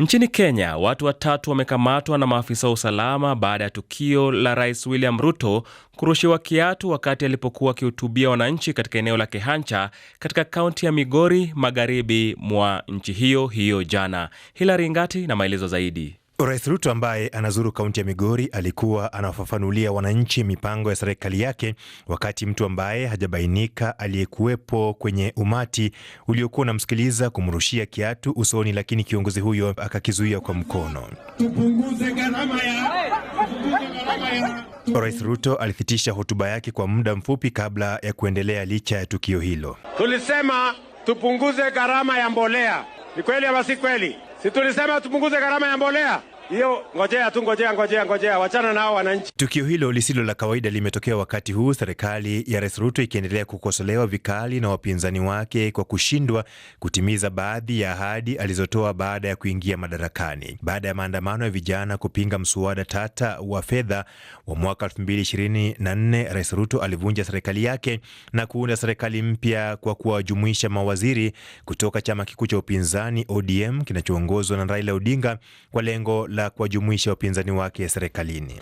Nchini Kenya, watu watatu wamekamatwa na maafisa wa usalama baada ya tukio la Rais William Ruto kurushiwa kiatu wakati alipokuwa akihutubia wananchi katika eneo la Kehancha katika kaunti ya Migori, magharibi mwa nchi hiyo hiyo jana. Hilari Ngati na maelezo zaidi. Rais Ruto ambaye anazuru kaunti ya Migori alikuwa anawafafanulia wananchi mipango ya serikali yake, wakati mtu ambaye hajabainika aliyekuwepo kwenye umati uliokuwa unamsikiliza kumrushia kiatu usoni, lakini kiongozi huyo akakizuia kwa mkono. Tupunguze gharama ya Rais Ruto alithitisha hotuba yake kwa muda mfupi kabla ya kuendelea. Licha ya tukio hilo, tulisema tupunguze gharama ya mbolea. Ni kweli ama si kweli? si tulisema tupunguze gharama ya mbolea? hiyo ngojea tu, ngojea, ngojea, ngojea, wachana nao wananchi. Tukio hilo lisilo la kawaida limetokea wakati huu serikali ya Rais Ruto ikiendelea kukosolewa vikali na wapinzani wake kwa kushindwa kutimiza baadhi ya ahadi alizotoa baada ya kuingia madarakani. Baada ya maandamano ya vijana kupinga mswada tata wa fedha wa mwaka 2024, Rais Ruto alivunja serikali yake na kuunda serikali mpya kwa kuwajumuisha mawaziri kutoka chama kikuu cha upinzani ODM kinachoongozwa na Raila Odinga kwa lengo la la kuwajumuisha wapinzani wake serikalini.